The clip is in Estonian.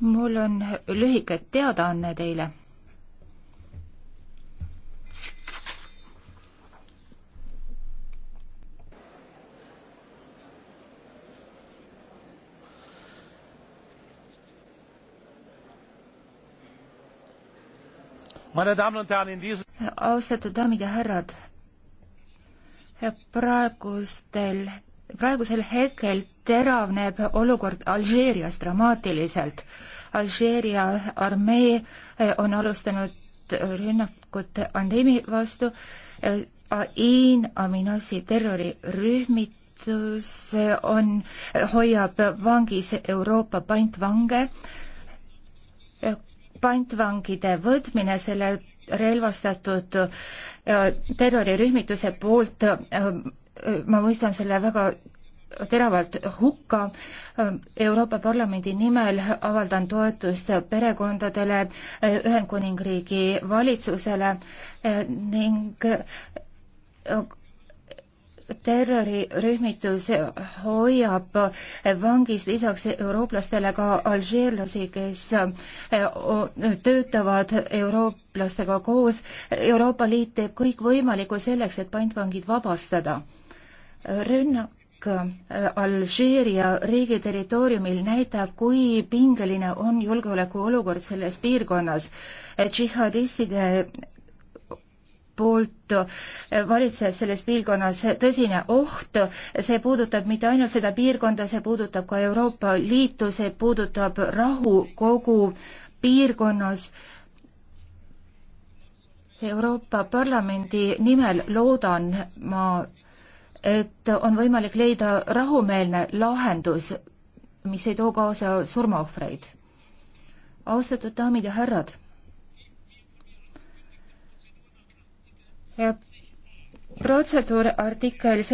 mul on lühike teadaanne teile. austatud daamid ja härrad, praegustel praegusel hetkel teravneb olukord Alžeerias dramaatiliselt. Alžeeria armee eh, on alustanud eh, rünnakut Andemi vastu. Eh, Ain Aminasi terrorirühmitus on, hoiab vangis Euroopa pantvange. pantvangide võtmine selle relvastatud terrorirühmituse poolt ma mõistan selle väga teravalt hukka. Euroopa Parlamendi nimel avaldan toetust perekondadele, Ühendkuningriigi valitsusele ning terrorirühmitus hoiab vangis lisaks eurooplastele ka alžeerlasi, kes töötavad eurooplastega koos. Euroopa Liit teeb kõik võimalikku selleks, et pantvangid vabastada rünnak äh, Alžeeria riigi territooriumil näitab, kui pingeline on julgeolekuolukord selles piirkonnas. džihadistide poolt äh, valitseb selles piirkonnas tõsine oht, see puudutab mitte ainult seda piirkonda, see puudutab ka Euroopa Liitu, see puudutab rahu kogu piirkonnas Euroopa Parlamendi nimel loodan ma et on võimalik leida rahumeelne lahendus, mis ei too kaasa surmaohvreid. austatud daamid ja härrad. protseduur artikkel